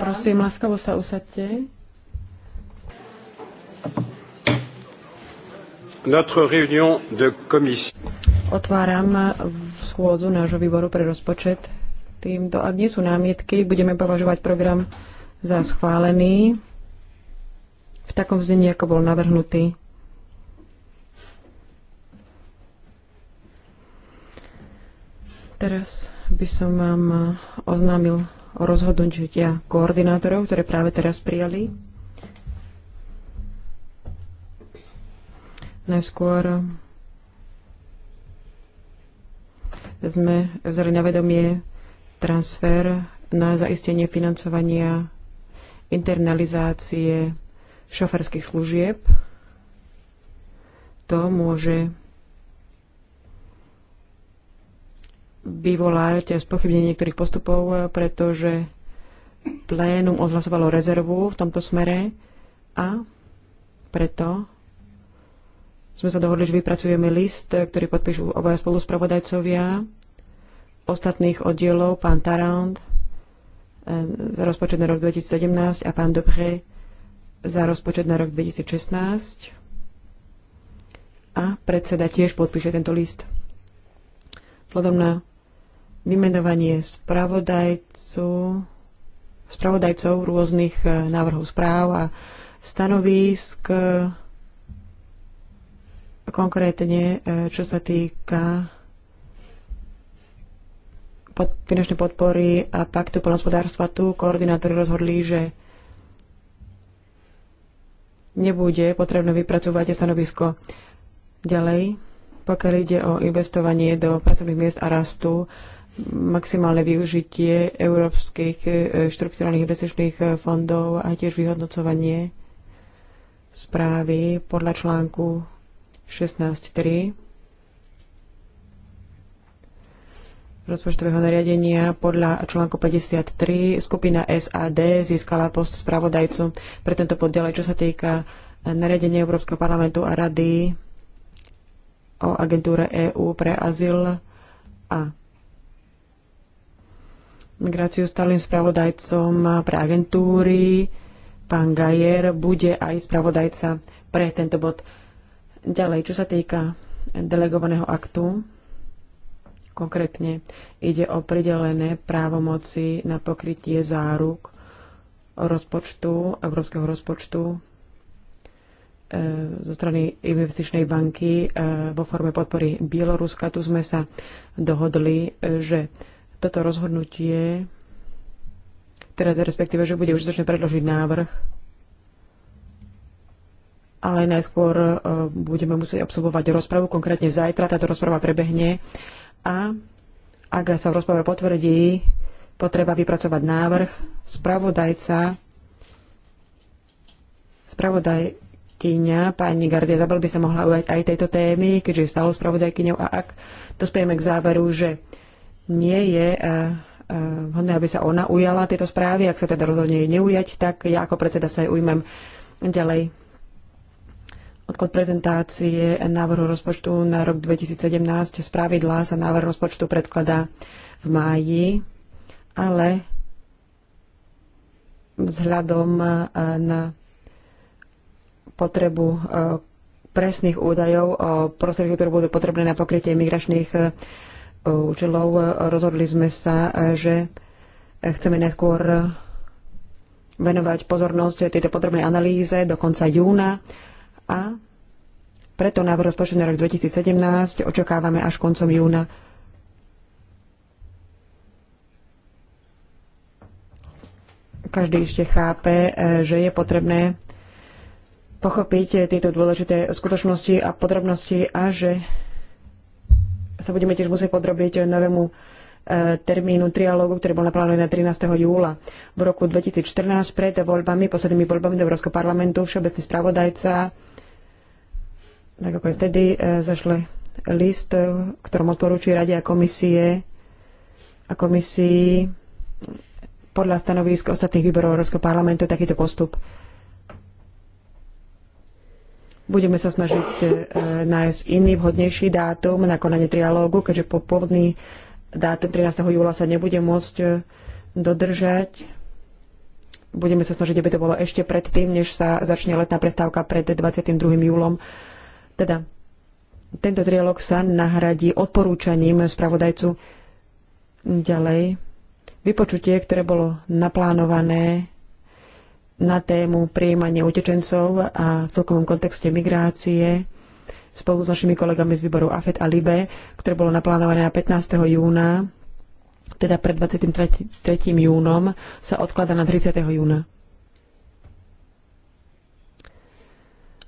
Prosím, laskavo sa usadte. Notre réunion de commission. Otváram schôdzu nášho výboru pre rozpočet. Týmto, ak nie sú námietky, budeme považovať program za schválený v takom znení, ako bol navrhnutý. Teraz by som vám oznámil rozhodnutia koordinátorov, ktoré práve teraz prijali. Najskôr sme vzali na vedomie transfer na zaistenie financovania internalizácie šoferských služieb. To môže vyvolať spochybnenie niektorých postupov, eh, pretože plénum odhlasovalo rezervu v tomto smere a preto sme sa dohodli, že vypracujeme list, eh, ktorý podpíšu obaja spoluspravodajcovia ostatných oddielov, pán Tarand eh, za rozpočet na rok 2017 a pán Dobré za rozpočet na rok 2016. A predseda tiež podpíše tento list. Vzhľadom na vymenovanie spravodajcu, spravodajcov rôznych e, návrhov správ a stanovisk. E, konkrétne, e, čo sa týka pod, finančnej podpory a paktu poľnohospodárstva, tu koordinátori rozhodli, že nebude potrebné vypracovať stanovisko ďalej, pokiaľ ide o investovanie do pracovných miest a rastu maximálne využitie európskych e, štrukturálnych investičných e, fondov a tiež vyhodnocovanie správy podľa článku 16.3 rozpočtového nariadenia podľa článku 53 skupina SAD získala post spravodajcu pre tento poddelej, čo sa týka nariadenia Európskeho parlamentu a rady o agentúre EÚ pre azyl a migráciu stalým spravodajcom pre agentúry. Pán Gajer bude aj spravodajca pre tento bod. Ďalej, čo sa týka delegovaného aktu, konkrétne ide o pridelené právomoci na pokrytie záruk rozpočtu, európskeho rozpočtu e, zo strany investičnej banky e, vo forme podpory Bieloruska. Tu sme sa dohodli, e, že toto rozhodnutie, teda respektíve, že bude už začne predložiť návrh, ale najskôr e, budeme musieť absolvovať rozpravu, konkrétne zajtra táto rozprava prebehne a ak sa v rozprave potvrdí potreba vypracovať návrh, spravodajca, spravodajkyňa pani Gardia Zabel by sa mohla ujať aj tejto témy, keďže je stále spravodajkyňou a ak dospieme k záveru, že nie je eh, eh, vhodné, aby sa ona ujala tieto správy. Ak sa teda rozhodne jej neujať, tak ja ako predseda sa jej ujmem ďalej. Odklad prezentácie návrhu rozpočtu na rok 2017 z pravidla sa návrh rozpočtu predkladá v máji, ale vzhľadom eh, na potrebu presných údajov o prostriedky, ktoré budú potrebné na pokrytie migračných účelov rozhodli sme sa, že chceme neskôr venovať pozornosť tejto podrobnej analýze do konca júna a preto návrh rozpočtu na rok 2017 očakávame až koncom júna. Každý ešte chápe, že je potrebné pochopiť tieto dôležité skutočnosti a podrobnosti a že sa budeme tiež musieť podrobiť novému e, termínu trialógu, ktorý bol naplánovaný na 13. júla v roku 2014 pred voľbami, poslednými voľbami do Európskeho parlamentu, všeobecný spravodajca, tak ako je vtedy, e, zašle list, e, ktorom odporúči Rade a komisie a komisii podľa stanovisk ostatných výborov Európskeho parlamentu takýto postup Budeme sa snažiť e, nájsť iný vhodnejší dátum na konanie trialógu, keďže po pôvodný dátum 13. júla sa nebude môcť e, dodržať. Budeme sa snažiť, aby to bolo ešte predtým, než sa začne letná prestávka pred 22. júlom. Teda tento trialog sa nahradí odporúčaním spravodajcu ďalej. Vypočutie, ktoré bolo naplánované na tému prijímanie utečencov a v celkovom kontexte migrácie spolu s našimi kolegami z výboru AFET a LIBE, ktoré bolo naplánované na 15. júna, teda pred 23. júnom, sa odklada na 30. júna.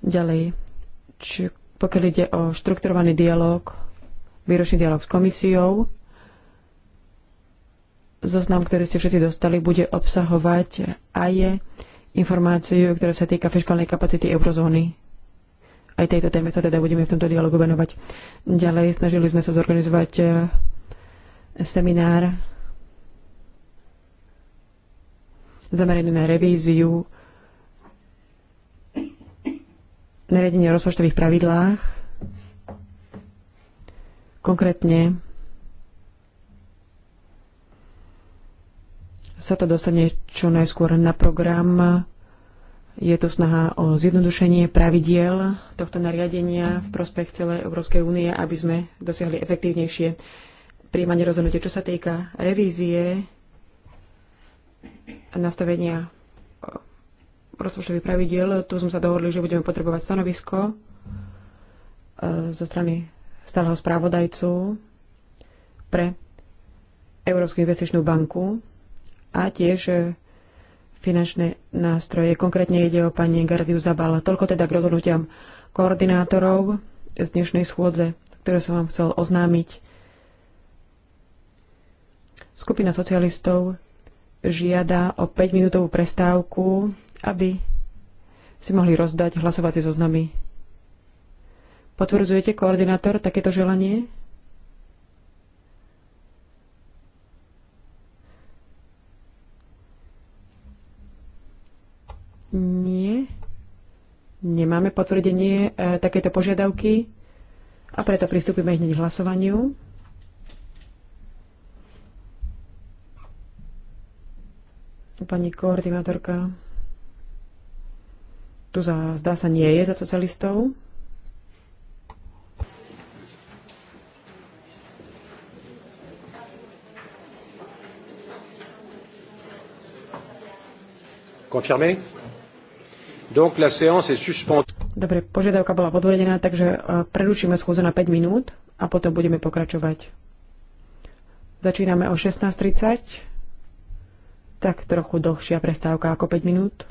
Ďalej, či, pokiaľ ide o štrukturovaný dialog, výročný dialog s komisiou, zoznam, ktorý ste všetci dostali, bude obsahovať aj informáciu, ktorá sa týka fiskálnej kapacity eurozóny. Aj tejto téme sa teda budeme v tomto dialogu venovať. Ďalej snažili sme sa zorganizovať eh, seminár zameraný na revíziu nariadenia o rozpočtových pravidlách. Konkrétne sa to dostane čo najskôr na program. Je tu snaha o zjednodušenie pravidiel tohto nariadenia v prospech celej Európskej únie, aby sme dosiahli efektívnejšie príjmanie rozhodnutia. Čo sa týka revízie a nastavenia rozpočtových pravidiel, tu sme sa dohodli, že budeme potrebovať stanovisko e, zo strany stáleho správodajcu pre Európsku investičnú banku a tiež e, finančné nástroje. Konkrétne ide o pani Gardiu Zabala. Toľko teda k rozhodnutiam koordinátorov z dnešnej schôdze, ktoré som vám chcel oznámiť. Skupina socialistov žiada o 5-minútovú prestávku, aby si mohli rozdať hlasovacie zoznamy. Potvrdzujete koordinátor takéto želanie? Nie. Nemáme potvrdenie e, takéto požiadavky a preto pristúpime hneď k hlasovaniu. Pani koordinátorka tu za, zdá sa nie je za socialistov. Confirmé Donc la séance est suspendue. Dobre, požiadavka bola podvedená, takže e, prerušíme schôdzu na 5 minút a potom budeme pokračovať. Začíname o 16.30, tak trochu dlhšia prestávka ako 5 minút.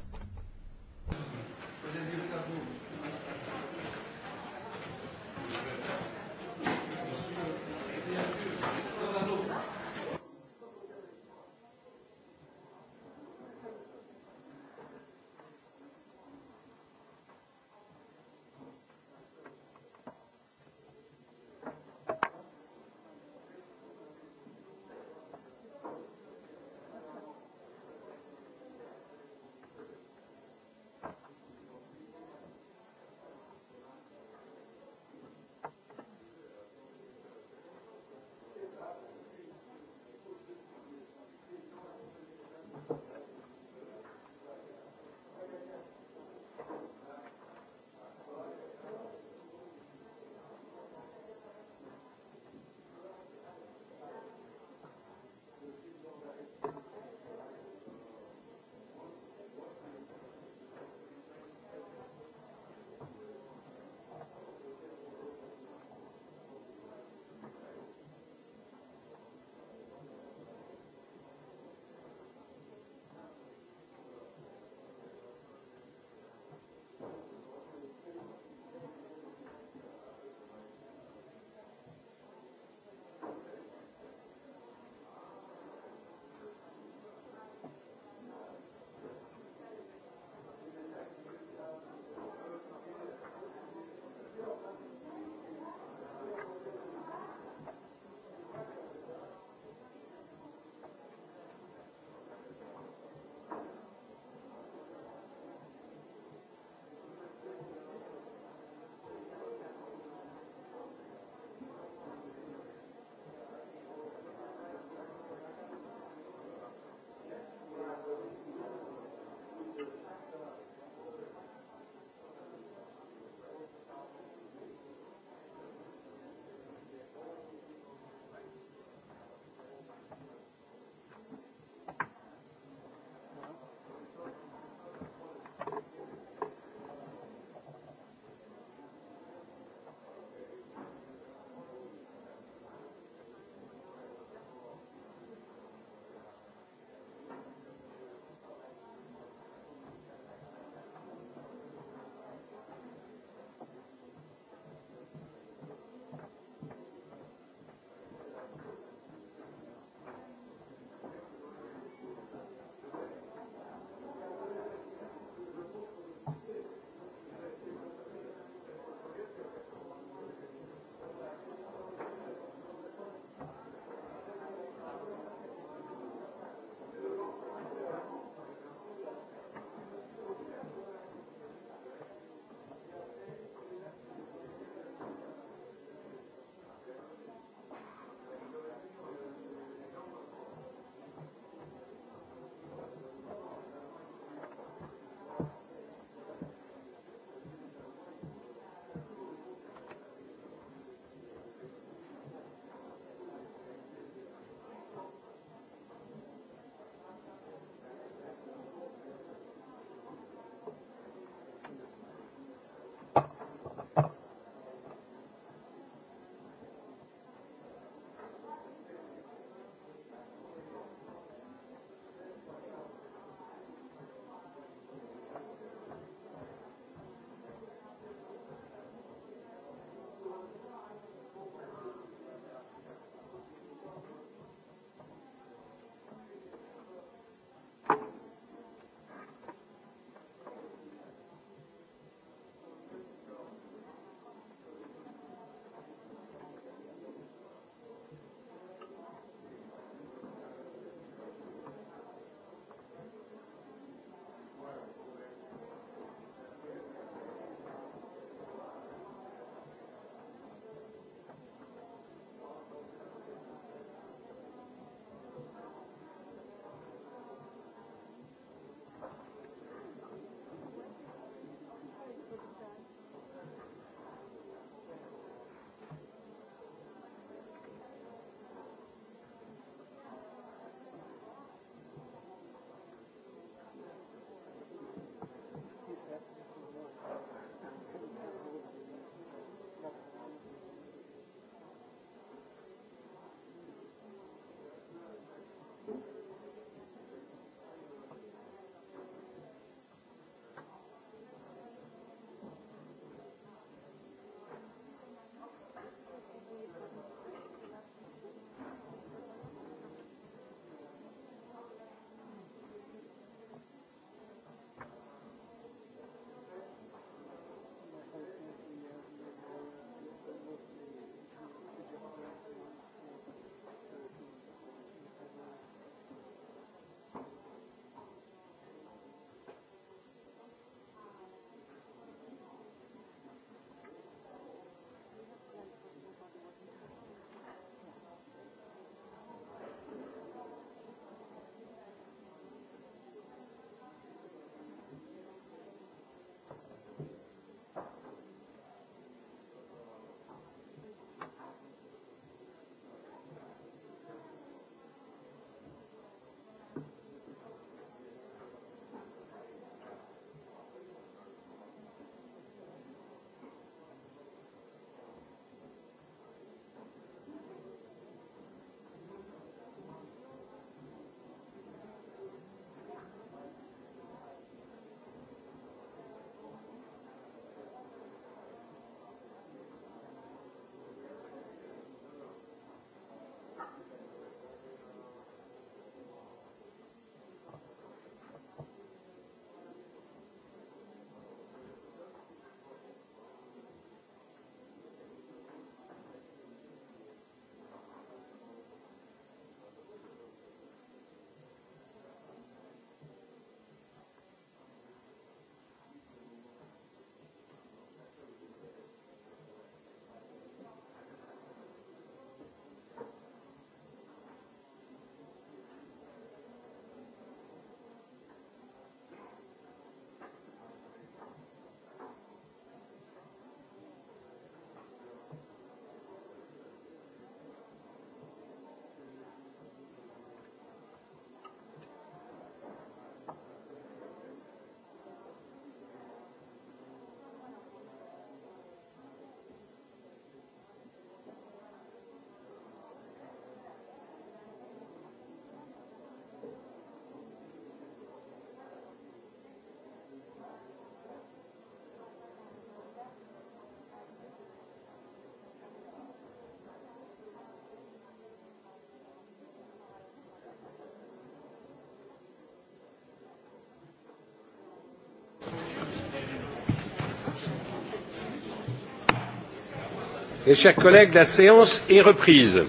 Mes chers collègues, la séance est reprise.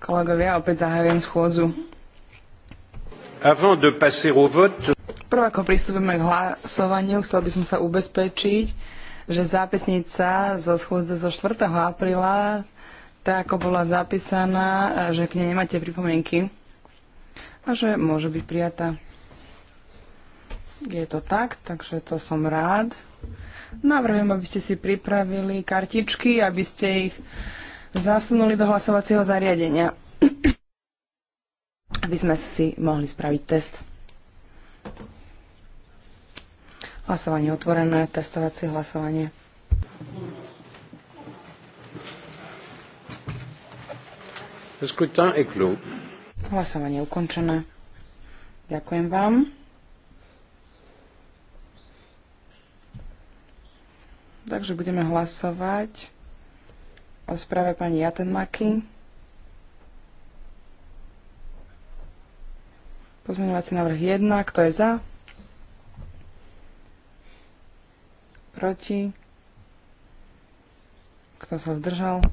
Kolegovia, opäť zahajujem schôdzu. Avant de passer au vote... Prv ako pristúpime k hlasovaniu, chcel by som sa ubezpečiť, že zápisnica zo schôdze zo 4. apríla, tá ako bola zapísaná, že k nej nemáte pripomienky a že môže byť prijatá. Je to tak, takže to som rád. Navrhujem, aby ste si pripravili kartičky, aby ste ich zasunuli do hlasovacieho zariadenia, aby sme si mohli spraviť test. Hlasovanie otvorené, testovacie hlasovanie. Hlasovanie ukončené. Ďakujem vám. Takže budeme hlasovať o správe pani Jatenmaky. Pozmeňovací návrh 1. Kto je za? Proti? Kto sa zdržal?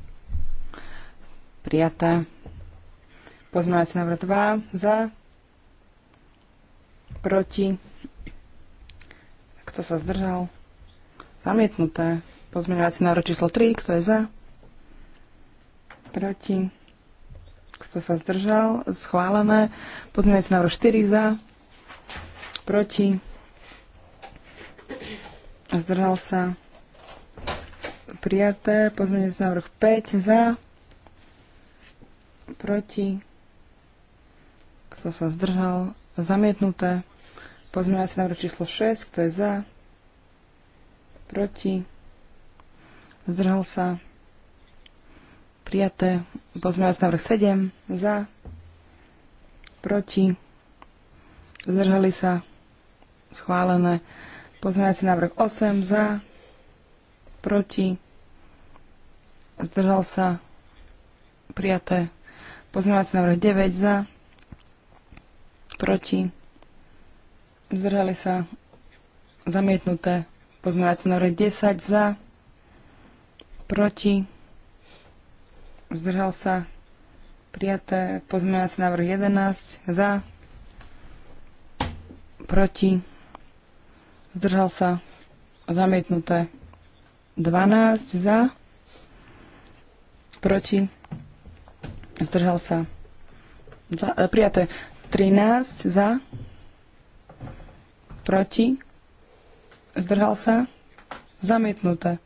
Prijaté. Pozmeňovací návrh 2. Za? Proti? Kto sa zdržal? Zamietnuté. Pozmeňovací návrh číslo 3. Kto je za? Proti. Kto sa zdržal? Schválené. Pozmeňovací návrh 4 za. Proti. Zdržal sa. Prijaté. Pozmeňovací návrh 5 za. Proti. Kto sa zdržal? Zamietnuté. Pozmeňovací návrh číslo 6. Kto je za? proti, zdržal sa, prijaté, pozmeňovací návrh 7, za, proti, zdržali sa, schválené, pozmeňovací návrh 8, za, proti, zdržal sa, prijaté, pozmeňovací návrh 9, za, proti, zdržali sa, zamietnuté, Pozmeňovací návrh 10 za, proti, zdržal sa, prijaté. Pozmeňovací návrh 11 za, proti, zdržal sa, zamietnuté. 12 za, proti, zdržal sa, za, e, prijaté. 13 za, proti, Zdržal sa? Zamietnuté.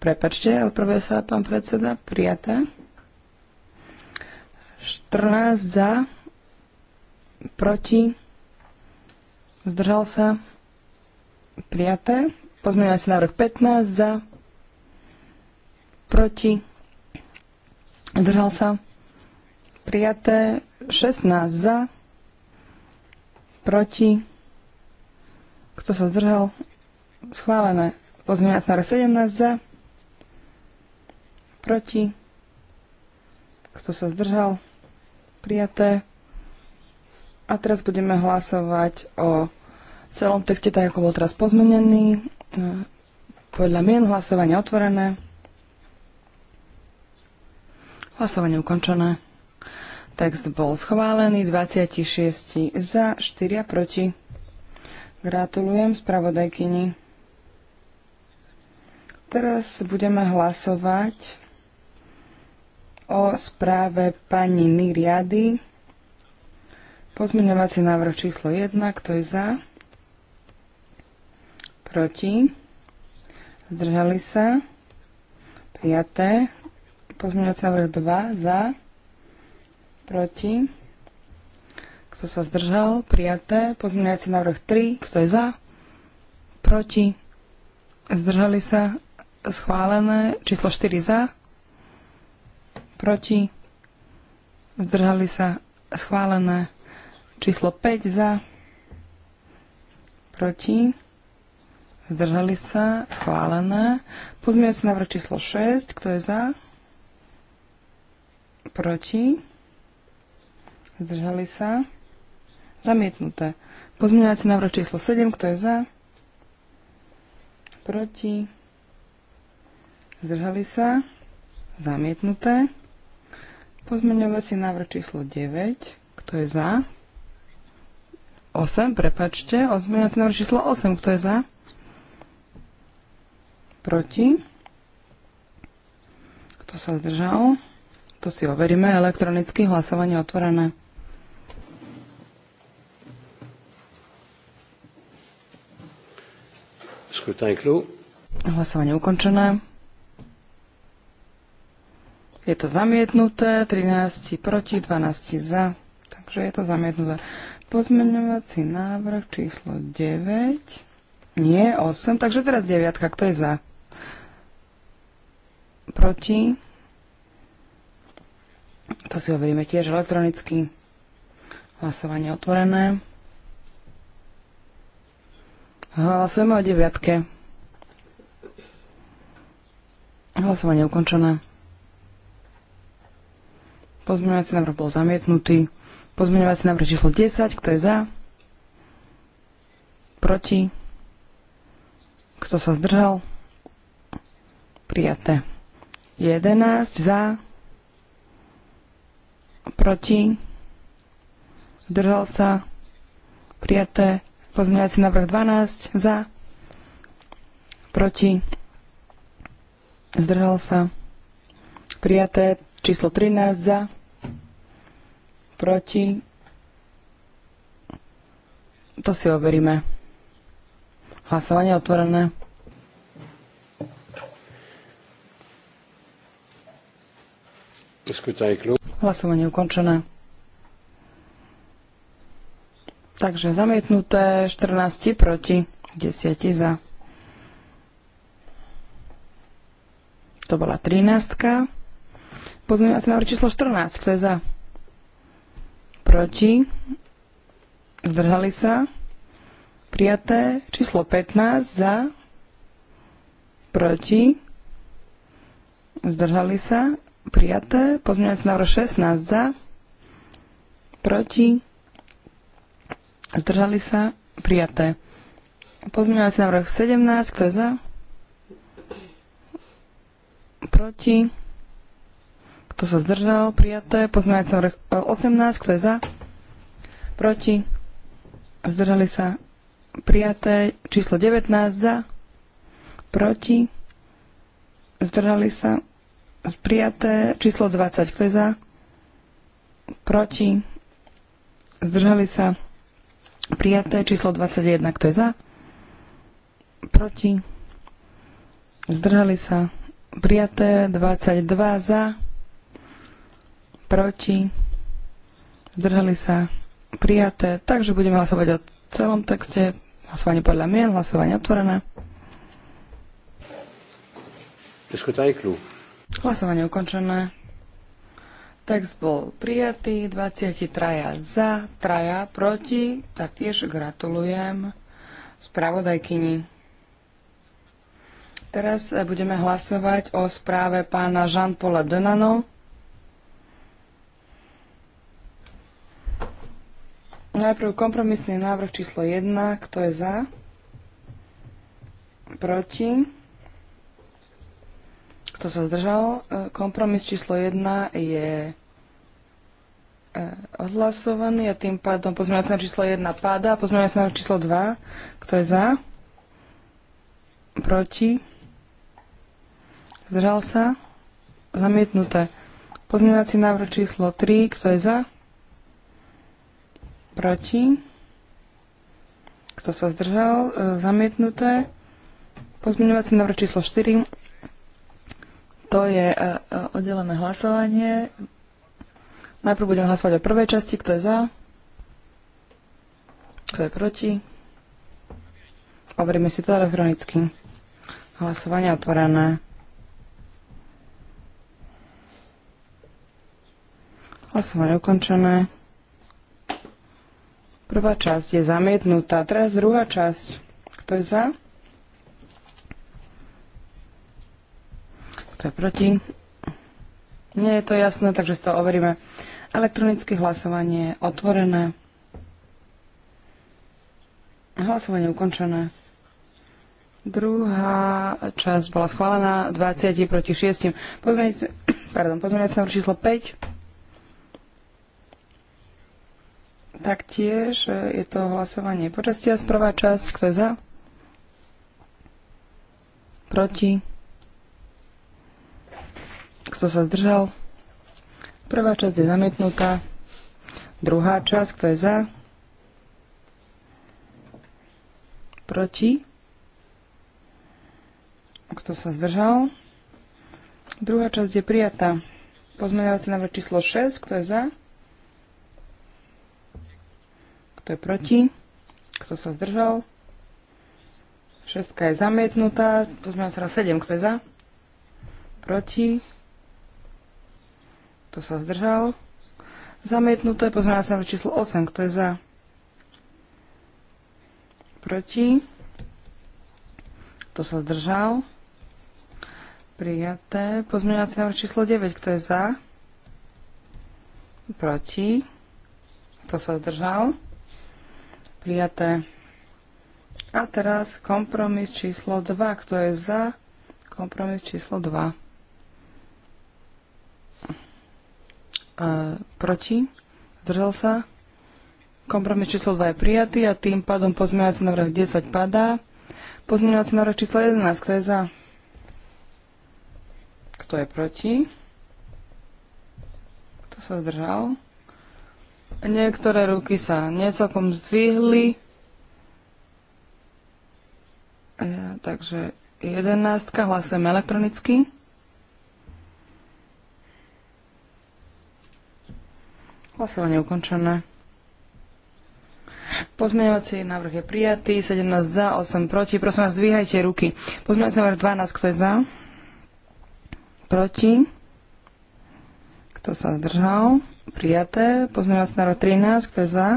Prepačte, opravuje sa pán predseda. Prijaté. 14 za. Proti. Zdržal sa. Prijaté. si návrh 15 za. Proti. Zdržal sa. Prijaté. 16 za. Proti. Kto sa zdržal? Schválené. Pozmeňovací návrh 17 za. Proti. Kto sa zdržal? Prijaté. A teraz budeme hlasovať o celom texte, tak ako bol teraz pozmenený. Podľa mien hlasovanie otvorené. Hlasovanie ukončené. Text bol schválený 26 za, 4 proti. Gratulujem spravodajkyni. Teraz budeme hlasovať o správe pani Niriady. Pozmeňovací návrh číslo 1. Kto je za? Proti? Zdržali sa? Prijaté. Pozmeňovací návrh 2. Za? Proti? Kto sa zdržal? Prijaté. Pozmeňujúci návrh 3. Kto je za? Proti? Zdržali sa? Schválené. Číslo 4 za? Proti? Zdržali sa? Schválené. Číslo 5 za? Proti? Zdržali sa? Schválené. Pozmeňujúci návrh číslo 6. Kto je za? Proti? Zdržali sa? Zamietnuté. Pozmeňovací návrh číslo 7. Kto je za? Proti? Zdržali sa? Zamietnuté. Pozmeňovací návrh číslo 9. Kto je za? 8, prepačte. Pozmeňovací návrh číslo 8. Kto je za? Proti? Kto sa zdržal? To si overíme. Elektronicky hlasovanie otvorené. Scrutin clos. Hlasovanie ukončené. Je to zamietnuté, 13 proti, 12 za, takže je to zamietnuté. Pozmeňovací návrh číslo 9, nie 8, takže teraz 9, kto je za? Proti? To si overíme tiež elektronicky. Hlasovanie otvorené. Hlasujeme o deviatke. Hlasovanie ukončené. Pozmeňovací návrh bol zamietnutý. Pozmeňovací návrh číslo 10. Kto je za? Proti? Kto sa zdržal? Prijaté. 11 za. Proti? Zdržal sa? Prijaté. Pozmeňovací návrh 12 za, proti, zdržal sa. Prijaté číslo 13 za, proti, to si overíme. Hlasovanie otvorené. Hlasovanie ukončené. Takže zamietnuté 14 proti 10 za. To bola 13. Pozmeňovací návrh číslo 14. Kto je za? Proti. Zdržali sa. Prijaté. Číslo 15. Za. Proti. Zdržali sa. Prijaté. Pozmeňovací návrh 16. Za. Proti Zdržali sa? Prijaté. Pozmeňovací návrh 17, kto je za? Proti? Kto sa zdržal? Prijaté. Pozmeňovací návrh 18, e, kto je za? Proti? Zdržali sa? Prijaté. Číslo 19 za? Proti? Zdržali sa? Prijaté. Číslo 20, kto je za? Proti? Zdržali sa? Prijaté číslo 21, kto je za? Proti? Zdržali sa? Prijaté 22 za? Proti? Zdržali sa? Prijaté. Takže budeme hlasovať o celom texte. Hlasovanie podľa mien, hlasovanie otvorené. Hlasovanie ukončené. Text bol prijatý, 23 za, 3 proti, taktiež gratulujem spravodajkyni. Teraz budeme hlasovať o správe pána Jean-Paula Denano. Najprv kompromisný návrh číslo 1, kto je za, proti, kto sa zdržal? E, kompromis číslo 1 je e, odhlasovaný a tým pádom pozmeňovací na číslo 1 páda a pozmeňovací na číslo 2. Kto je za? Proti? Zdržal sa? Zamietnuté. Pozmeňovací návrh číslo 3. Kto je za? Proti? Kto sa zdržal? E, zamietnuté. Pozmeňovací návrh číslo 4. To je e, e, oddelené hlasovanie. Najprv budeme hlasovať o prvej časti, kto je za, kto je proti. Overíme si to elektronicky. Hlasovanie otvorené. Hlasovanie ukončené. Prvá časť je zamietnutá. Teraz druhá časť. Kto je za? Kto je proti? Nie je to jasné, takže si to overíme. Elektronické hlasovanie je otvorené. Hlasovanie ukončené. Druhá časť bola schválená 20 proti 6. Pozmeňujúci, pardon, pozmeňujúci číslo 5. Taktiež e, je to hlasovanie počastia z prvá časť. Kto je za? Proti? Kto sa zdržal? Prvá časť je zamietnutá. Druhá časť, kto je za? Proti? Kto sa zdržal? Druhá časť je prijatá. Pozmeňovací návrh číslo 6, kto je za? Kto je proti? Kto sa zdržal? Šestka je zamietnutá. Pozmeňovací návrh 7, kto je za? Proti? Kto sa zdržal? Zamietnuté. Pozmeňovací návrh číslo 8. Kto je za? Proti? Kto sa zdržal? Prijaté. Pozmeňovací návrh číslo 9. Kto je za? Proti? Kto sa zdržal? Prijaté. A teraz kompromis číslo 2. Kto je za? Kompromis číslo 2. E, proti, zdržal sa. Kompromis číslo 2 je prijatý a tým pádom pozmeňovací návrh 10 padá. Pozmeňovací návrh číslo 11, kto je za? Kto je proti? Kto sa zdržal? Niektoré ruky sa necelkom zdvihli. E, takže 11. hlasujeme elektronicky. Hlasovanie ukončené. Pozmeňovací návrh je prijatý, 17 za, 8 proti. Prosím vás, zdvíhajte ruky. Pozmeňovací návrh 12, kto je za? Proti? Kto sa zdržal? Prijaté. Pozmeňovací návrh 13, kto je za?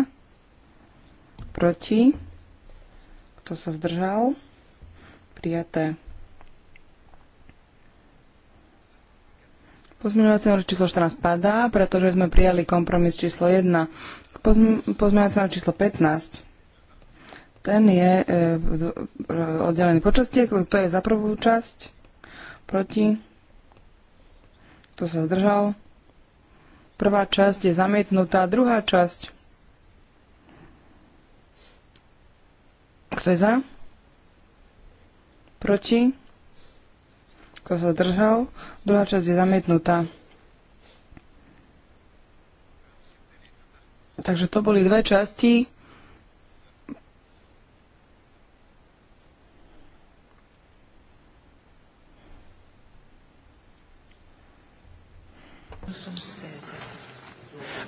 Proti? Kto sa zdržal? Prijaté. Pozmeňovací návrh číslo 14 padá, pretože sme prijali kompromis číslo 1. Pozmeňovací návrh číslo 15. Ten je e, e oddelený počastiek. Kto je za prvú časť? Proti? Kto sa zdržal? Prvá časť je zamietnutá. Druhá časť. Kto je za? Proti? Kto sa zdržal? Druhá časť je zamietnutá. Takže to boli dve časti.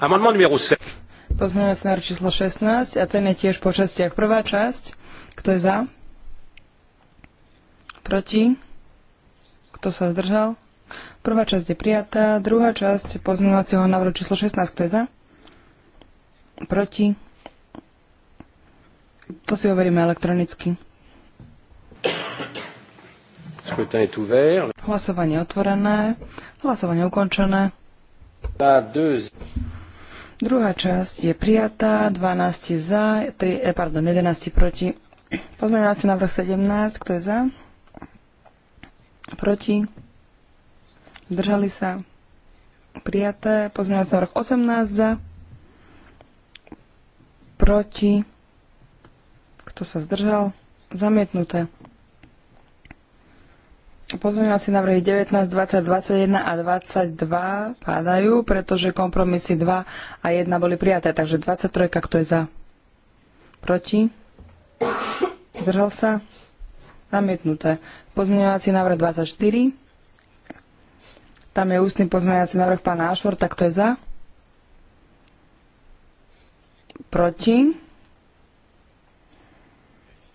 Amendement numéro 7. Pozmeňujúci návrh číslo 16 a ten je tiež po častiach. Prvá časť, kto je za? Proti? Kto sa zdržal? Prvá časť je prijatá. Druhá časť pozmeňovacieho návrhu číslo 16. Kto je za? Proti? To si overíme elektronicky. Hlasovanie otvorené. Hlasovanie ukončené. Druhá časť je prijatá, 12 za, 3, eh, pardon, 11 proti. Pozmeňovací návrh 17, kto je za? proti, zdržali sa, prijaté, pozmeňovací návrh 18 za, proti, kto sa zdržal, zamietnuté. Pozmeňovací návrhy 19, 20, 21 a 22 pádajú, pretože kompromisy 2 a 1 boli prijaté. Takže 23, kto je za? Proti? Zdržal sa? Zamietnuté. Pozmeňovací návrh 24. Tam je ústny pozmeňovací návrh pána tak Kto je za? Proti?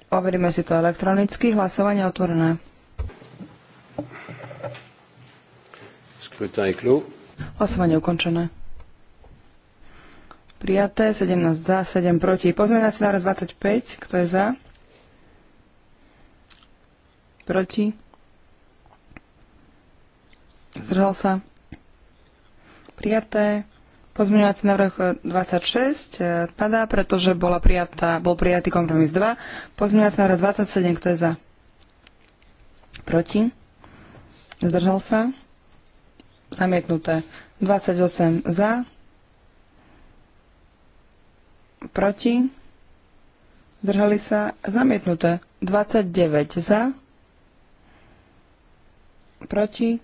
Overíme si to elektronicky. Hlasovanie otvorené. Hlasovanie ukončené. Prijaté, 17 za, 7 proti. Pozmeňovací návrh 25. Kto je za? Proti? Zdržal sa? Prijaté. Pozmeňovací návrh 26 e, padá, pretože bola prijatá, bol prijatý kompromis 2. Pozmeňovací návrh 27, kto je za? Proti? Zdržal sa? Zamietnuté. 28 za. Proti? Zdržali sa? Zamietnuté. 29 za proti.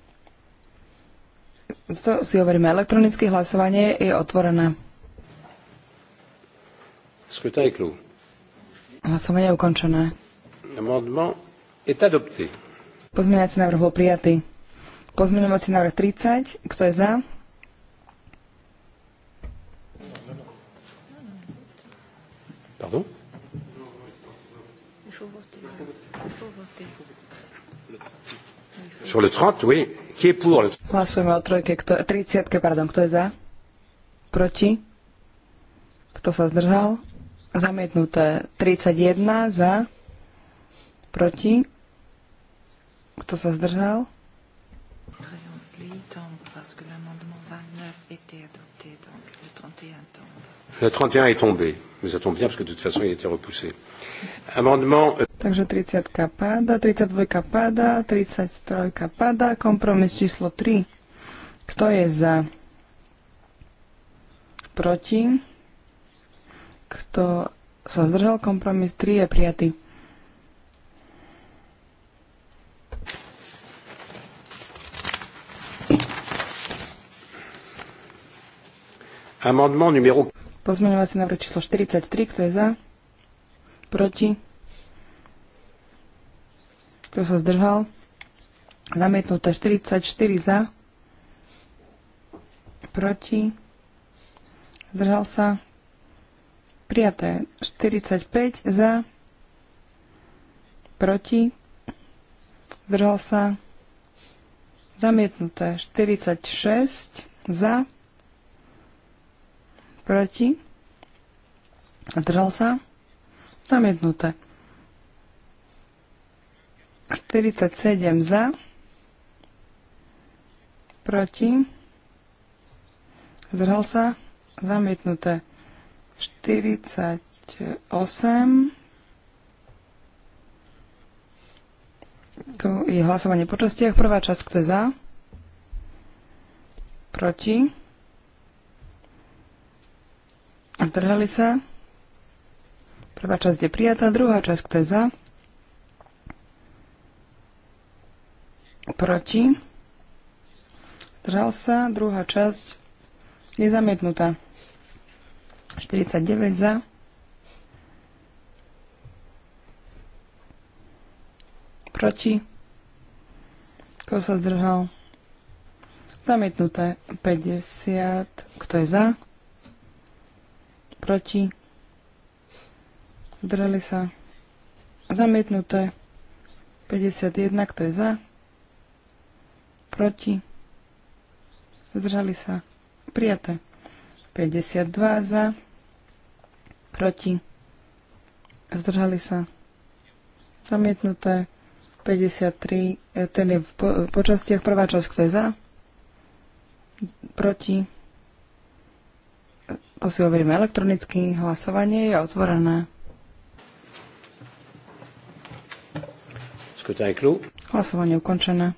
To si hovoríme elektronické hlasovanie je otvorené. Hlasovanie je ukončené. Pozmeňovací návrh bol prijatý. Pozmeňovací návrh 30. Kto je za? Pardon Il faut voter. Il faut voter. Sur le 30, oui. Qui est pour le... Hlasujeme o trojke, kto, 30, pardon, kto je za? Proti? Kto sa zdržal? Zamietnuté 31 za. Proti? Kto sa zdržal? Le 31 est tombé. Nous attendons bien parce que de toute façon, il était repoussé. Amendement euh, Takže 30 páda, 32 páda, 33 páda, kompromis číslo 3. Kto je za? Proti? Kto sa zdržal? Kompromis 3 je prijatý. Amendement numéro... Pozmeňovací návrh číslo 43, kto je za? Proti? Kto sa zdržal? Zamietnuté 44 za. Proti. Zdržal sa. Prijaté 45 za. Proti. Zdržal sa. Zamietnuté 46 za. Proti. Zdržal sa. Zamietnuté 47 za, proti, zdrhal sa, zamietnuté 48, tu je hlasovanie po častiach, prvá časť, kto je za, proti, zdrhali sa, prvá časť je prijatá, druhá časť, kto je za, Proti. Zdržal sa. Druhá časť je zamietnutá. 49 za. Proti. Kto sa zdržal? Zamietnuté 50. Kto je za? Proti. Zdržali sa. Zamietnuté 51. Kto je za? proti, zdržali sa, prijaté. 52 za, proti, zdržali sa, zamietnuté. 53, e, ten je v po, po častiach prvá časť, kto je za, proti, to si overíme elektronicky, hlasovanie je otvorené. Hlasovanie ukončené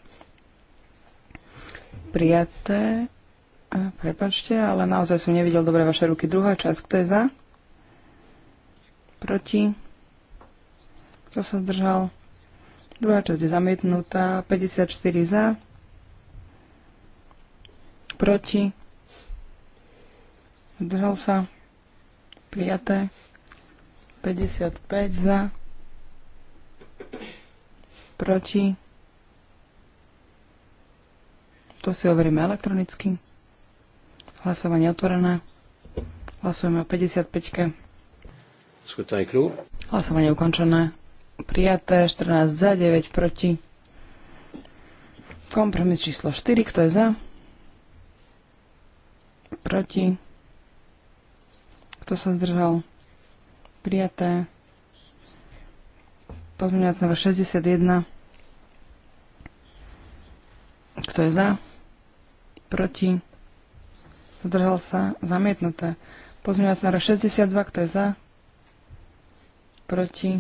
prijaté. A prepačte, ale naozaj som nevidel dobre vaše ruky. Druhá časť, kto je za? Proti? Kto sa zdržal? Druhá časť je zamietnutá. 54 za. Proti? Zdržal sa? Prijaté. 55 za. Proti? To si overíme elektronicky. Hlasovanie otvorené. Hlasujeme o 55-ke. Hlasovanie ukončené. Prijaté 14 za, 9 proti. Kompromis číslo 4, kto je za? Proti? Kto sa zdržal? Prijaté. Pozmeňovací návrh 61. Kto je za? proti, zdržal sa, zamietnuté. sa na 62, kto je za, proti,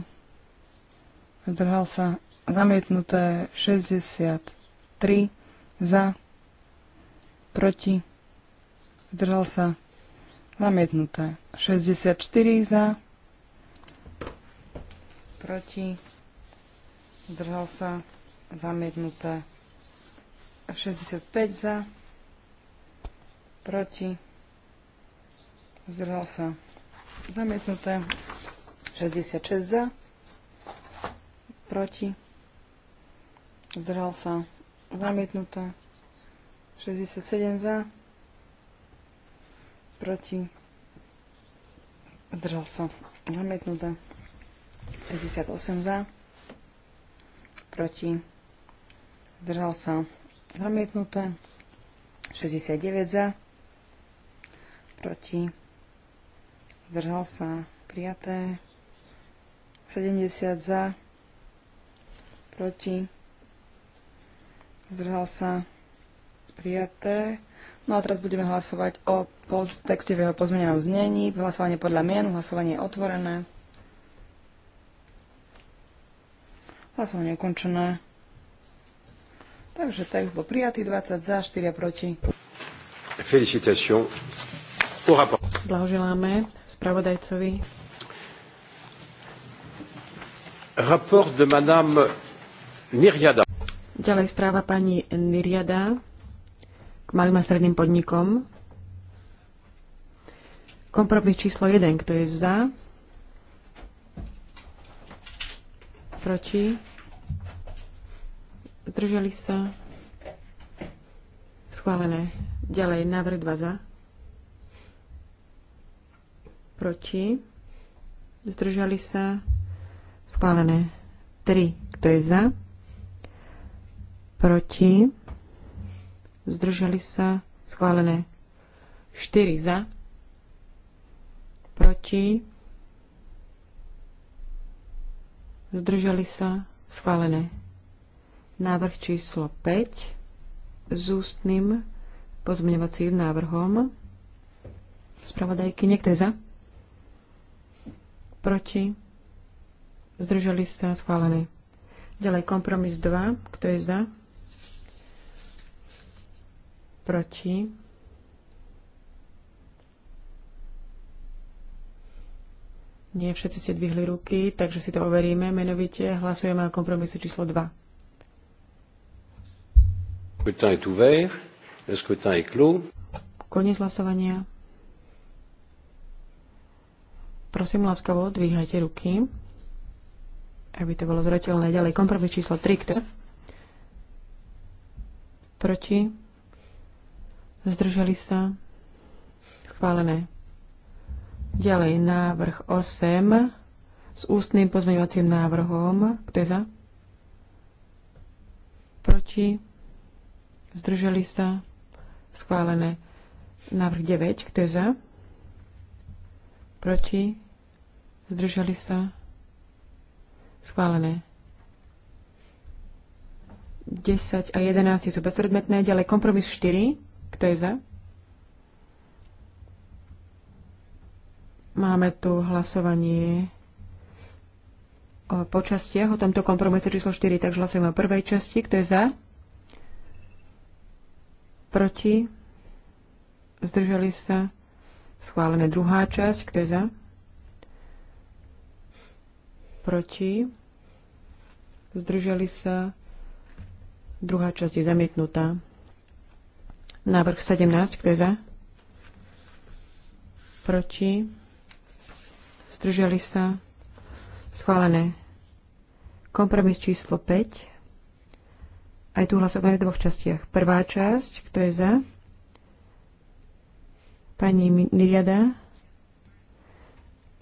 zdržal sa, zamietnuté 63, za, proti, zdržal sa, zamietnuté 64, za, proti, zdržal sa, zamietnuté 65, za, proti, zdržal sa zamietnuté, 66 za, proti, zdržal sa zamietnuté, 67 za, proti, zdržal sa zamietnuté, 68 za, proti, zdržal sa zamietnuté, 69 za, proti, zdržal sa, prijaté, 70 za, proti, zdržal sa, prijaté. No a teraz budeme hlasovať o texte v jeho pozmenenom znení, hlasovanie podľa mien, hlasovanie je otvorené, hlasovanie je ukončené. Takže text bol prijatý, 20 za, 4 proti. Félicitations. Blahoželáme spravodajcovi. Rapport de madame Niriada. Ďalej správa pani Niriada k malým a stredným podnikom. Kompromis číslo 1, kto je za? Proti? Zdržali sa? Schválené. Ďalej, návrh 2 za proti, zdržali sa, schválené 3, kto je za, proti, zdržali sa, schválené 4 za, proti, zdržali sa, schválené. Návrh číslo 5 s ústnym pozmeňovacím návrhom. Spravodajky, niekto je za? proti, zdržali sa, schválené. Ďalej kompromis 2, kto je za, proti, Nie, všetci ste dvihli ruky, takže si to overíme. Menovite hlasujeme o kompromise číslo 2. Koniec hlasovania. Prosím, láskavo, dvíhajte ruky, aby to bolo zreteľné. Ďalej, kompromis číslo 3, kto? Proti? Zdržali sa? Schválené. Ďalej, návrh 8 s ústnym pozmeňovacím návrhom. Kto je za? Proti? Zdržali sa? Schválené. Návrh 9. Kto je za? Proti? Zdržali sa? Schválené. 10 a 11 sú bezpredmetné. Ďalej kompromis 4. Kto je za? Máme tu hlasovanie o počastiach o tomto kompromise číslo 4, takže hlasujeme o prvej časti. Kto je za? Proti? Zdržali sa? Schválené druhá časť, kto je za? Proti? Zdržali sa? Druhá časť je zamietnutá. Návrh 17, kto je za? Proti? Zdržali sa? Schválené. Kompromis číslo 5. Aj tu hlasujeme v dvoch častiach. Prvá časť, kto je za? Pani Niriada,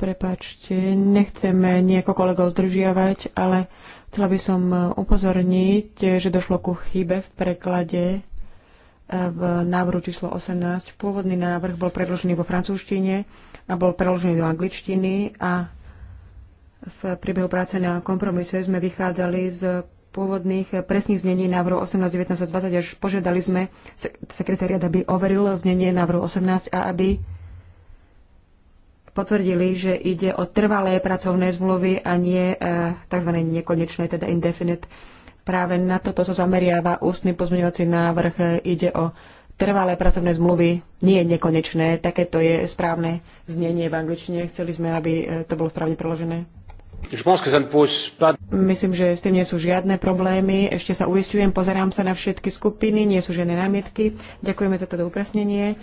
prepáčte, nechceme nejako kolegov zdržiavať, ale chcela by som upozorniť, že došlo ku chybe v preklade eh, v návrhu číslo 18. Pôvodný návrh bol predložený vo francúzštine a bol preložený do angličtiny a v priebehu práce na kompromise sme vychádzali z pôvodných eh, presných znení návrhu 18, 19 a 20 až požiadali sme sekretariat, aby overil znenie návrhu 18 a aby potvrdili, že ide o trvalé pracovné zmluvy a nie eh, tzv. nekonečné, teda indefinite. Práve na toto sa zameriava ústny pozmeňovací návrh. Ide o trvalé pracovné zmluvy, nie nekonečné. Takéto je správne znenie v angličtine. Chceli sme, aby eh, to bolo správne preložené. Myslím, že s tým nie sú žiadne problémy. Ešte sa uistujem, pozerám sa na všetky skupiny, nie sú žiadne námietky. Ďakujeme za toto uprasnenie,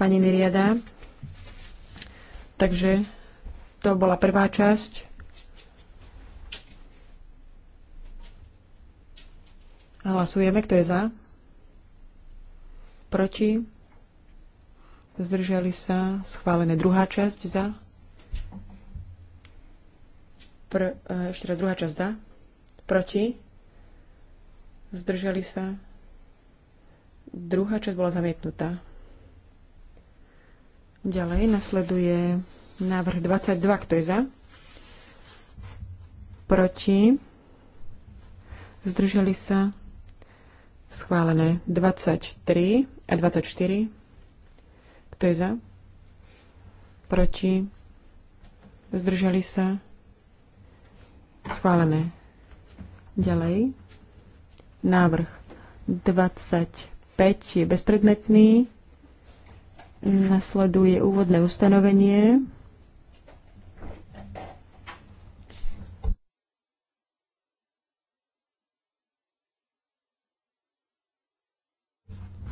pani Niriada. Takže to bola prvá časť. Hlasujeme, kto je za? Proti? Zdržali sa? Schválené druhá časť za? Pr- e, ešte raz druhá časť za. Proti. Zdržali sa. Druhá časť bola zamietnutá. Ďalej nasleduje návrh 22. Kto je za? Proti. Zdržali sa. Schválené 23 a 24. Kto je za? Proti. Zdržali sa. Schválené. Ďalej. Návrh 25 je bezpredmetný. Nasleduje úvodné ustanovenie.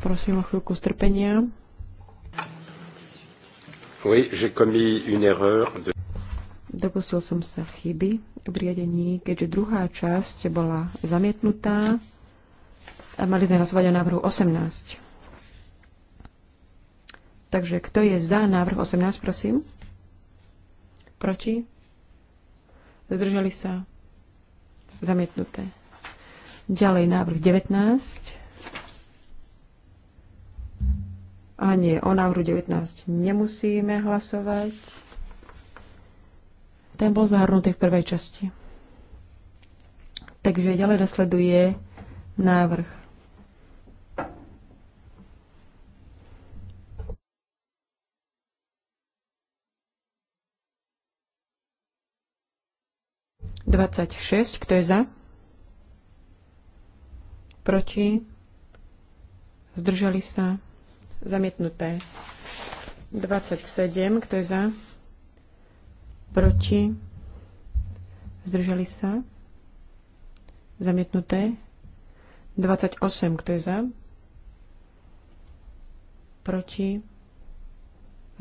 Prosím o chvíľku strpenia. Oui, j'ai commis une erreur de... Dopustil som sa chyby v riadení, keďže druhá časť bola zamietnutá a mali sme hlasovať o návrhu 18. Takže kto je za návrh 18, prosím? Proti? Zdržali sa? Zamietnuté. Ďalej návrh 19. A nie, o návrhu 19 nemusíme hlasovať ten bol zahrnutý v prvej časti. Takže ďalej nasleduje návrh. Dvadsať šesť, kto je za? Proti? Zdržali sa? Zamietnuté. Dvadsať sedem, kto je za? proti, zdržali sa, zamietnuté, 28, kto je za, proti,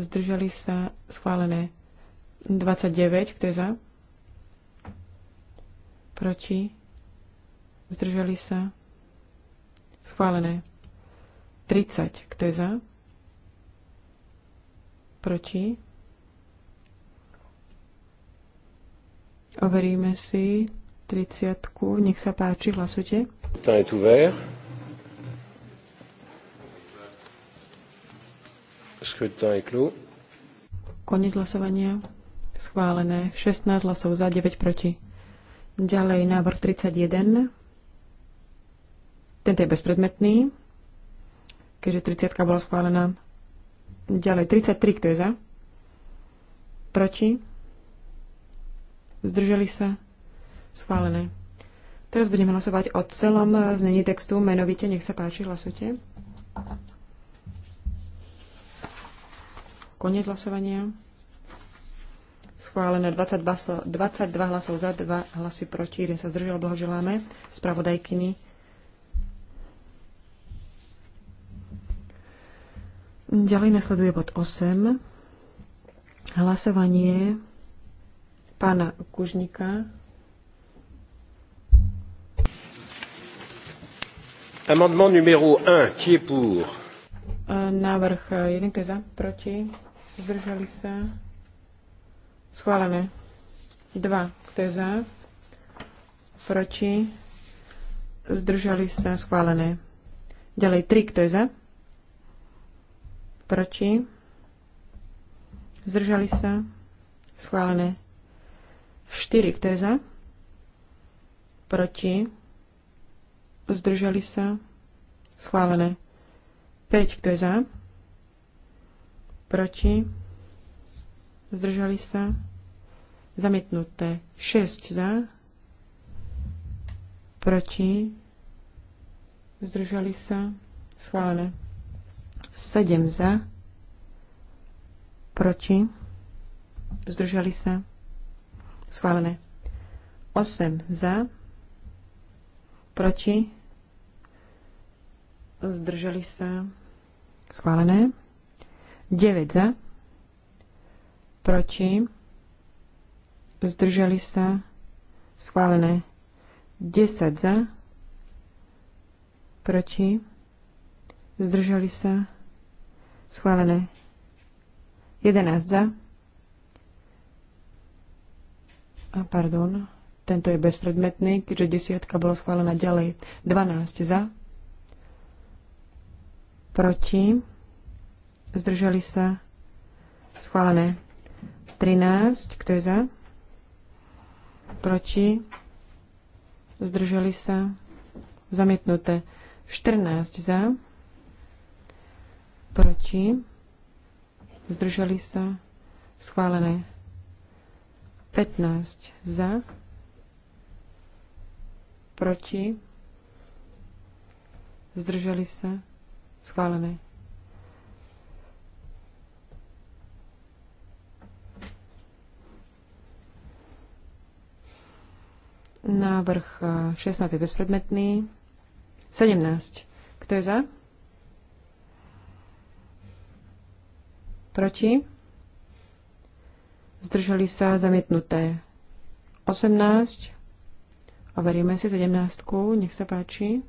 zdržali sa, schválené, 29, kto je za, proti, zdržali sa, schválené, 30, kto je za, proti, Overíme si 30. Nech sa páči, hlasujte. Ten je ouvert. Scrutin est clos. Koniec hlasovania. Schválené. 16 hlasov za, 9 proti. Ďalej návrh 31. Tento je bezpredmetný, keďže 30 bola schválená. Ďalej 33, kto je za? Proti? Zdrželi sa? Schválené. Teraz budeme hlasovať o celom eh, znení textu. Menovite, nech sa páči, hlasujte. Koniec hlasovania. Schválené 22, 22 hlasov za, 2 hlasy proti, 1 sa zdržal, blahoželáme. Spravodajkyni. Ďalej nasleduje bod 8. Hlasovanie pána Kužníka. Amendement numéro 1, qui est pour? E, návrh 1, e, kto je za, proti, zdržali sa. Schválené. 2, kto je za, proti, zdržali sa, schválené. Ďalej 3, kto je za, proti, zdržali sa, schválené. 4, kto je za? Proti? Zdržali sa? Schválené. 5, kto je za? Proti? Zdržali sa? Zamietnuté. 6 za? Proti? Zdržali sa? Schválené. 7 za? Proti? Zdržali sa? Schválené. 8 za, proti, zdržali sa. Schválené. 9 za, proti, zdržali sa. Schválené. 10 za, proti, zdržali sa. Schválené. 11 za, A pardon, tento je bezpredmetný, keďže desiatka bola schválená ďalej. 12 za, proti, zdržali sa, schválené. 13, kto je za, proti, zdržali sa, zamietnuté. 14 za, proti, zdržali sa, schválené. 15 za, proti, zdržali sa, schválené. Návrh 16 e, je bezpredmetný. 17. Kto je za? Proti? zdržali sa zamietnuté 18. Overíme si 17. Nech sa páči.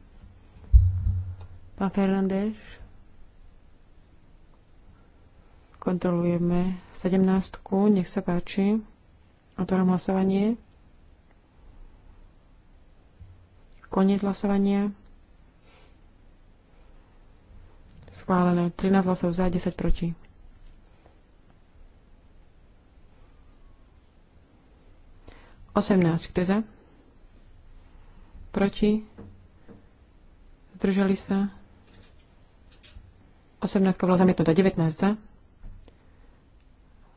Pán Fernández. Kontrolujeme 17. Nech sa páči. Otváram hlasovanie. Koniec hlasovania. Schválené. 13 hlasov za, 10 proti. 18. Kto je za? Proti? Zdržali sa? 18 bola zamietnutá. 19 za?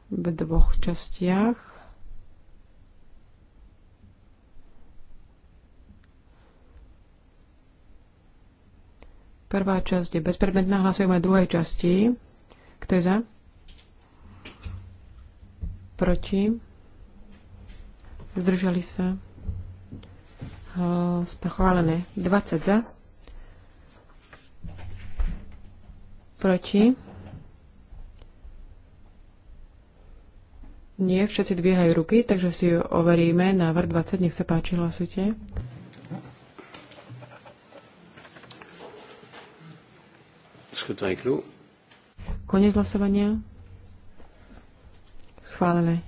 V dvoch častiach. Prvá časť je bezpredmetná. Hlasujeme o druhej časti. Kto je za? Proti? zdržali sa schválené 20 za, proti, nie, všetci dvíhajú ruky, takže si overíme návrh 20, nech sa páči, hlasujte. Konec hlasovania. Schválené.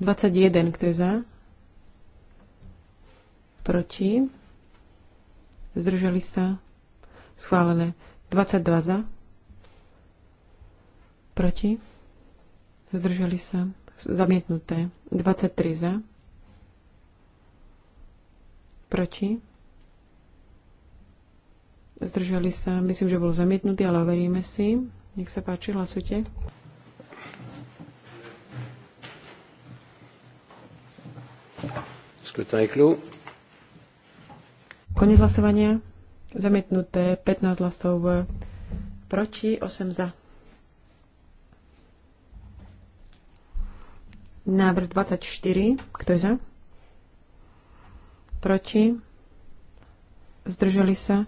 21, kto je za? Proti? Zdržali sa? Schválené. 22 za? Proti? Zdržali sa? Zamietnuté. 23 za? Proti? Zdržali sa? Myslím, že bol zamietnutý, ale overíme si. Nech sa páči, hlasujte. Scrutin est clos. Konec hlasovania. Zamietnuté 15 hlasov eh, proti, 8 za. Návrh 24. Kto je za? Proti. Zdržali sa.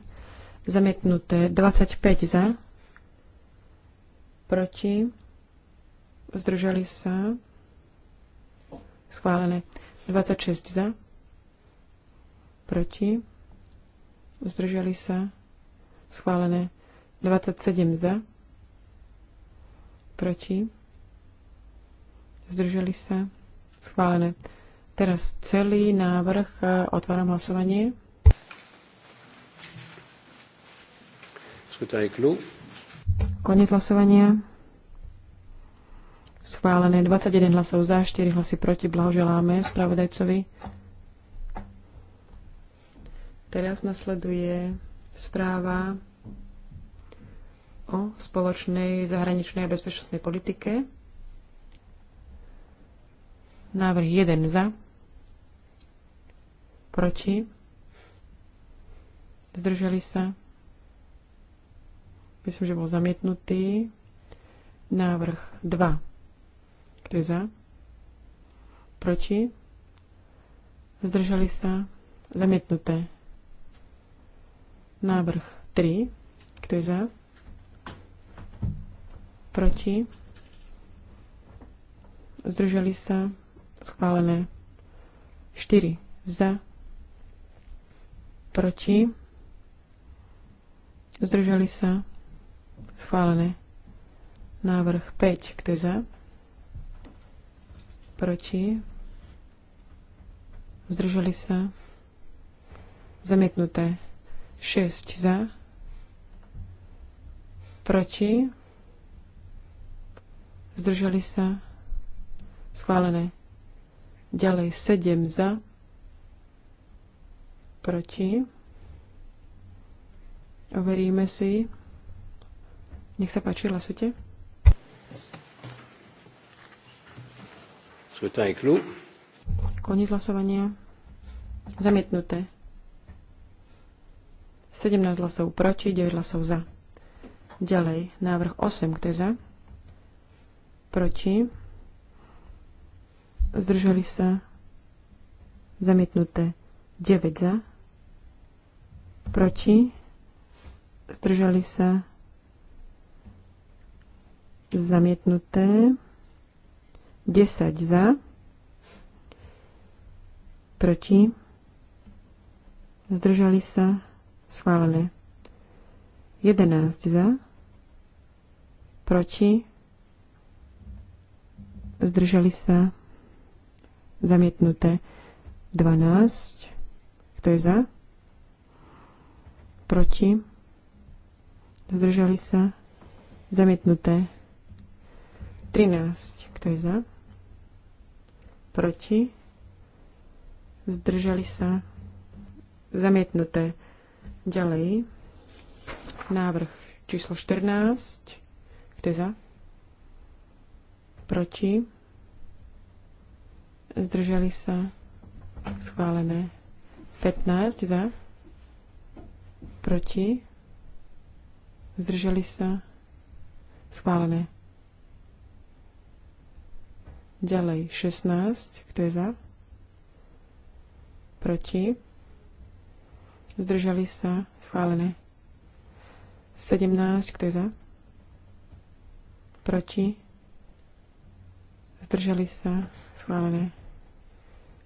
Zamietnuté 25 za. Proti. Zdržali sa. Schválené. 26 za, proti, zdržali sa, schválené 27 za, proti, zdržali sa, schválené. Teraz celý návrh, e, otváram hlasovanie. Konec hlasovania. Schválené 21 hlasov za, 4 hlasy proti. Blahoželáme spravodajcovi. Teraz nasleduje správa o spoločnej zahraničnej a bezpečnostnej politike. Návrh 1 za, proti, zdržali sa. Myslím, že bol zamietnutý. Návrh 2 kto je za? Proti? Zdržali sa? Zamietnuté. Návrh 3. Kto je za? Proti? Zdržali sa? Schválené. 4. Za? Proti? Zdržali sa? Schválené. Návrh 5. Kto je za? proti, zdrželi sa, zamietnuté 6 za, proti, zdrželi sa, schválené ďalej 7 za, proti, overíme si, nech sa páči, hlasujte. Scrutin je clos. Koniec hlasovania. Zamietnuté. 17 hlasov proti, 9 hlasov za. Ďalej, návrh 8, kto je za? Proti. Zdržali sa. Zamietnuté 9 za. Proti. Zdržali sa. Zamietnuté. 10 za, proti, zdržali sa, schválené. 11 za, proti, zdržali sa, zamietnuté. 12, kto je za, proti, zdržali sa, zamietnuté. 13 kto je za? Proti? Zdržali sa? Zamietnuté. Ďalej. Návrh číslo 14. Kto je za? Proti? Zdržali sa? Schválené. 15 za? Proti? Zdržali sa? Schválené. Ďalej 16, kto je za? Proti? Zdržali sa? Schválené. 17, kto je za? Proti? Zdržali sa? Schválené.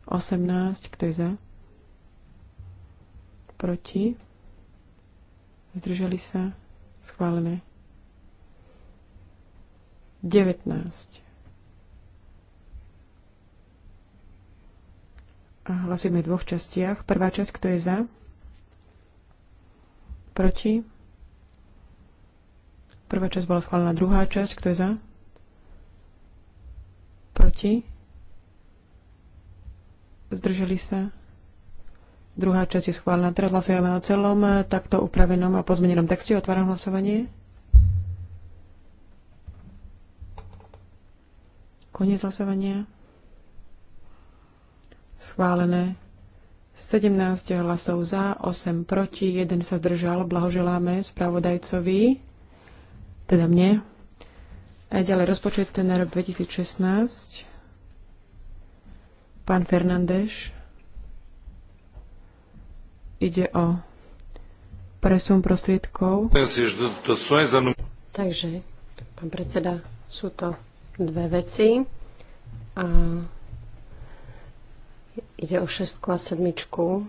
18, kto je za? Proti? Zdržali sa? Schválené. 19. Hlasujeme v dvoch častiach. Prvá časť, kto je za? Proti? Prvá časť bola schválená. Druhá časť, kto je za? Proti? Zdržali sa? Druhá časť je schválená. Teraz hlasujeme o celom eh, takto upravenom a pozmenenom texte. Otváram hlasovanie. Koniec hlasovania. Schválené. 17 hlasov za, 8 proti, 1 sa zdržal. Blahoželáme spravodajcovi, teda mne. A ďalej rozpočet na rok 2016. Pán Fernández. Ide o presun prostriedkov. Takže, pán predseda, sú to dve veci. A Ide o šestku a sedmičku.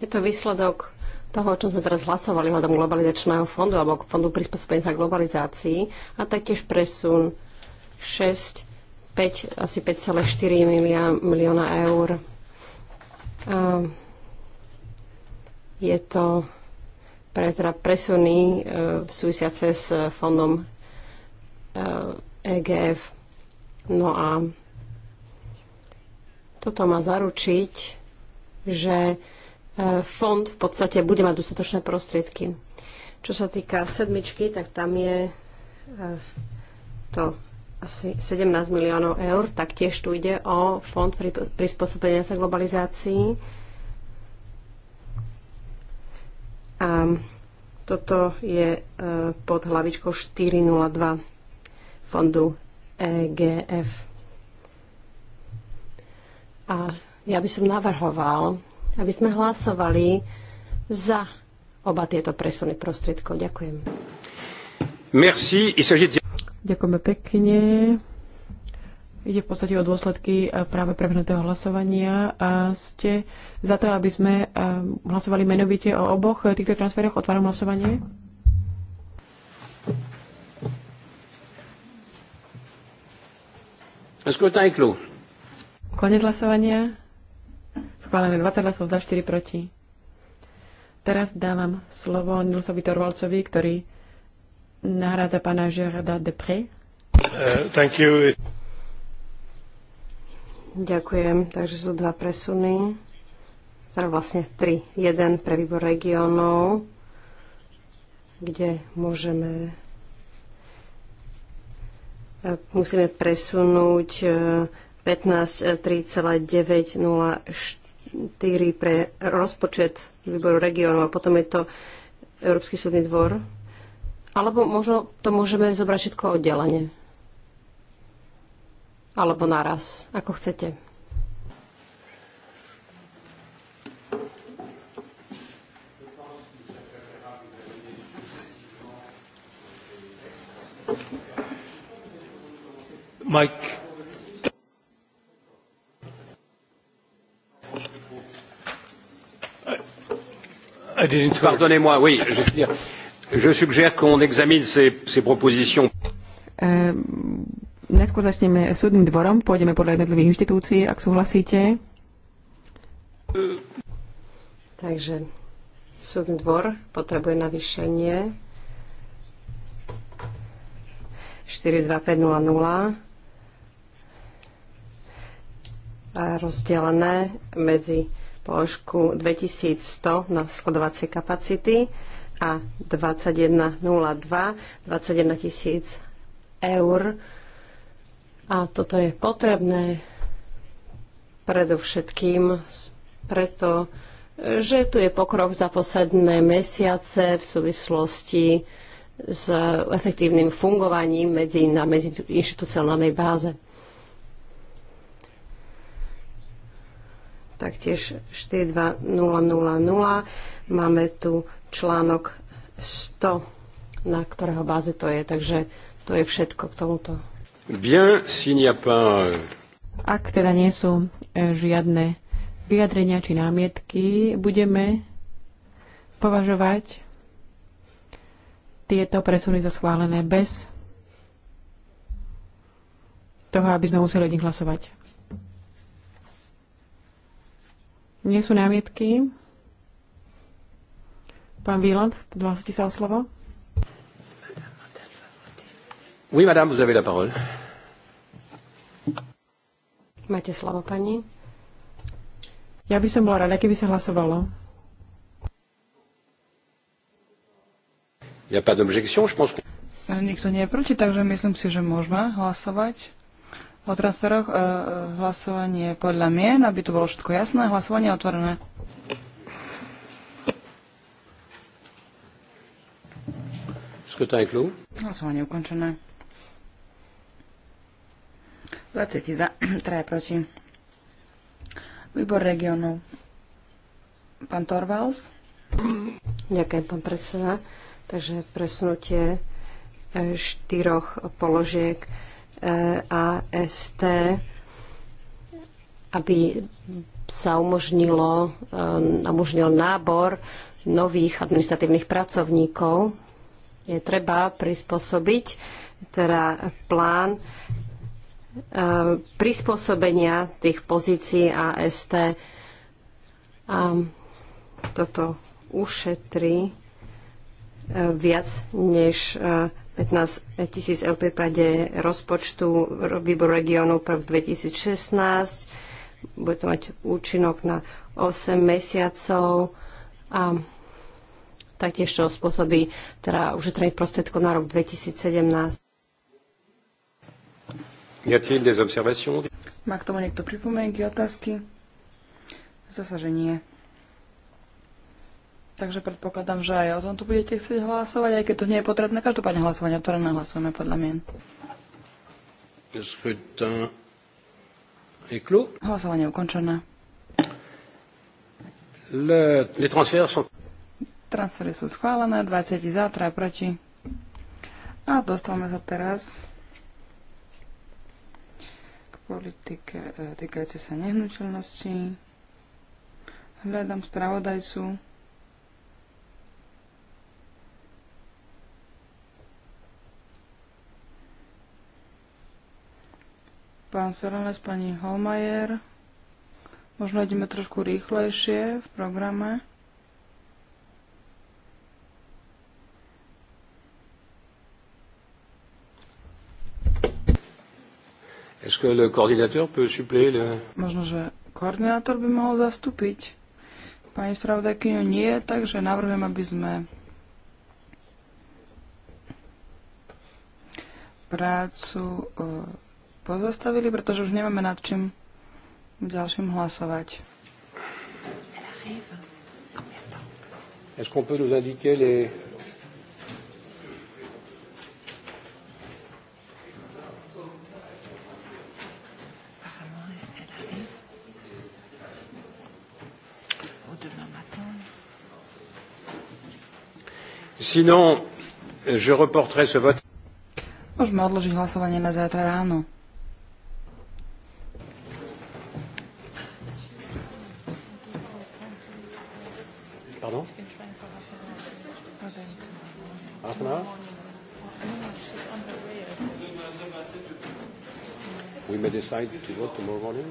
Je to výsledok toho, o čom sme teraz hlasovali hľadom globalizačného fondu alebo fondu prispôsobenia sa globalizácii a taktiež presun 6, 5, asi 5,4 milióna eur. A je to pre teda presuny e, súvisiace s fondom e, EGF. No a toto má zaručiť, že e, fond v podstate bude mať dostatočné prostriedky. Čo sa týka sedmičky, tak tam je e, to asi 17 miliónov eur, tak tiež tu ide o fond pri, prispôsobenia sa globalizácii. A toto je e, pod hlavičkou 402 fondu EGF. A ja by som navrhoval, aby sme hlasovali za oba tieto presuny prostriedkov. Ďakujem. Merci. Ďakujeme pekne. Ide v podstate o dôsledky eh, práve prebehnutého hlasovania. A ste za to, aby sme eh, hlasovali menovite o oboch eh, týchto transferoch? Otváram hlasovanie. Skôr Konec hlasovania. Schválené 20 hlasov za 4 proti. Teraz dávam slovo Nilsovi Torvalcovi, ktorý nahrádza pána Gerarda Pré. Uh, thank you. Ďakujem. Takže sú dva presuny. Teda vlastne tri. Jeden pre výbor regionov, kde môžeme eh, musíme presunúť eh, 15 pre rozpočet výboru regiónov a potom je to Európsky súdny dvor. Alebo možno to môžeme zobrať všetko oddelenie. Alebo naraz, ako chcete. Mike, Ah, Pardonnez-moi, oui, je veux dire, je suggère qu'on examine ces, ces propositions. Uh, najskôr začneme súdnym dvorom, pôjdeme podľa jednotlivých inštitúcií, ak súhlasíte. Takže súdny dvor potrebuje navýšenie 42500 a rozdelené medzi položku 2100 na skladovacie kapacity a 2102 21 tisíc eur. A toto je potrebné predovšetkým preto, že tu je pokrok za posledné mesiace v súvislosti s efektívnym fungovaním medzi, na medziinstitucionálnej báze. taktiež 42000. Máme tu článok 100, na ktorého báze to je, takže to je všetko k tomuto. Bien, si pas... Euh, Ak teda nie sú e, žiadne vyjadrenia či námietky, budeme považovať tieto presuny za schválené bez toho, aby sme museli o nich hlasovať. Nie sú námietky. Pán Výland, hlasíte sa o slovo? Oui, madame, vous avez la parole. Máte slovo, pani. Ja by som bola rada, keby sa hlasovalo. Ja pas d'objection, je pense. Nikto nie je proti, takže myslím si, že môžeme hlasovať o transferoch. E, e, hlasovanie podľa mien, aby to bolo všetko jasné. Hlasovanie otvorené. Hlasovanie ukončené. 20 za, 3 proti. Výbor regionov. Pán Torvalds. Ďakujem, pán predseda. Takže presunutie e, štyroch položiek E a ST, aby sa umožnilo, um, umožnil nábor nových administratívnych pracovníkov. Je treba prispôsobiť teda plán um, prispôsobenia tých pozícií AST a toto ušetrí uh, viac než uh, 15 tisíc eur v prípade rozpočtu výboru regionu pre 2016. Bude to mať účinok na 8 mesiacov a taktiež to spôsobí teda ušetrenie prostriedkov na rok 2017. Má k tomu niekto pripomienky, otázky? Zasa, že nie takže predpokladám, že aj o tom tu budete chcieť hlasovať, aj keď to nie je potrebné. Každopádne hlasovanie ktoré nahlasujeme podľa mien. Hlasovanie ukončené. Le, les sont... Transfery sú schválené, 20 za, 3 proti. A dostávame sa teraz k politike e, týkajúcej sa nehnuteľnosti. Hľadám spravodajcu. pán Ferenes, pani Holmajer. Možno ideme trošku rýchlejšie v programe. Est-ce que le coordinateur peut suppléer le... Možno, že koordinátor by mohol zastúpiť. Pani spravodajkyňu nie, takže navrhujem, aby sme prácu e, pozastavili, pretože už nemáme nad čím ďalším hlasovať. Est-ce qu'on peut nous indiquer les... Sinon, je reporterai ce vote. Môžeme odložiť hlasovanie na zajtra ráno. may decide to vote tomorrow morning.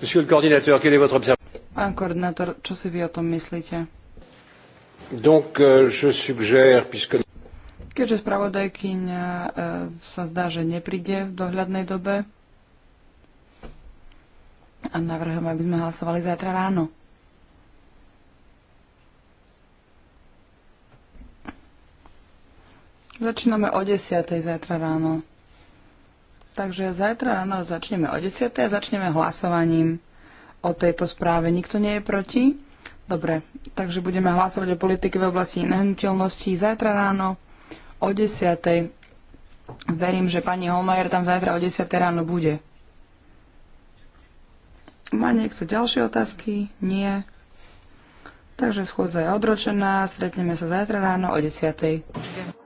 Monsieur le coordinateur, est votre Pán koordinátor, čo si vy o tom myslíte? Donc, euh, je suggère, puisque... Keďže spravodajkyňa e, sa zdá, že nepríde v dohľadnej dobe, a navrhujem, aby sme hlasovali zajtra ráno. Začíname o 10. zajtra ráno. Takže zajtra ráno začneme o 10. a začneme hlasovaním o tejto správe. Nikto nie je proti? Dobre, takže budeme hlasovať o politike v oblasti nehnuteľností zajtra ráno o 10. Verím, že pani Holmajer tam zajtra o 10. ráno bude. Má niekto ďalšie otázky? Nie. Takže schôdza je odročená, stretneme sa zajtra ráno o 10.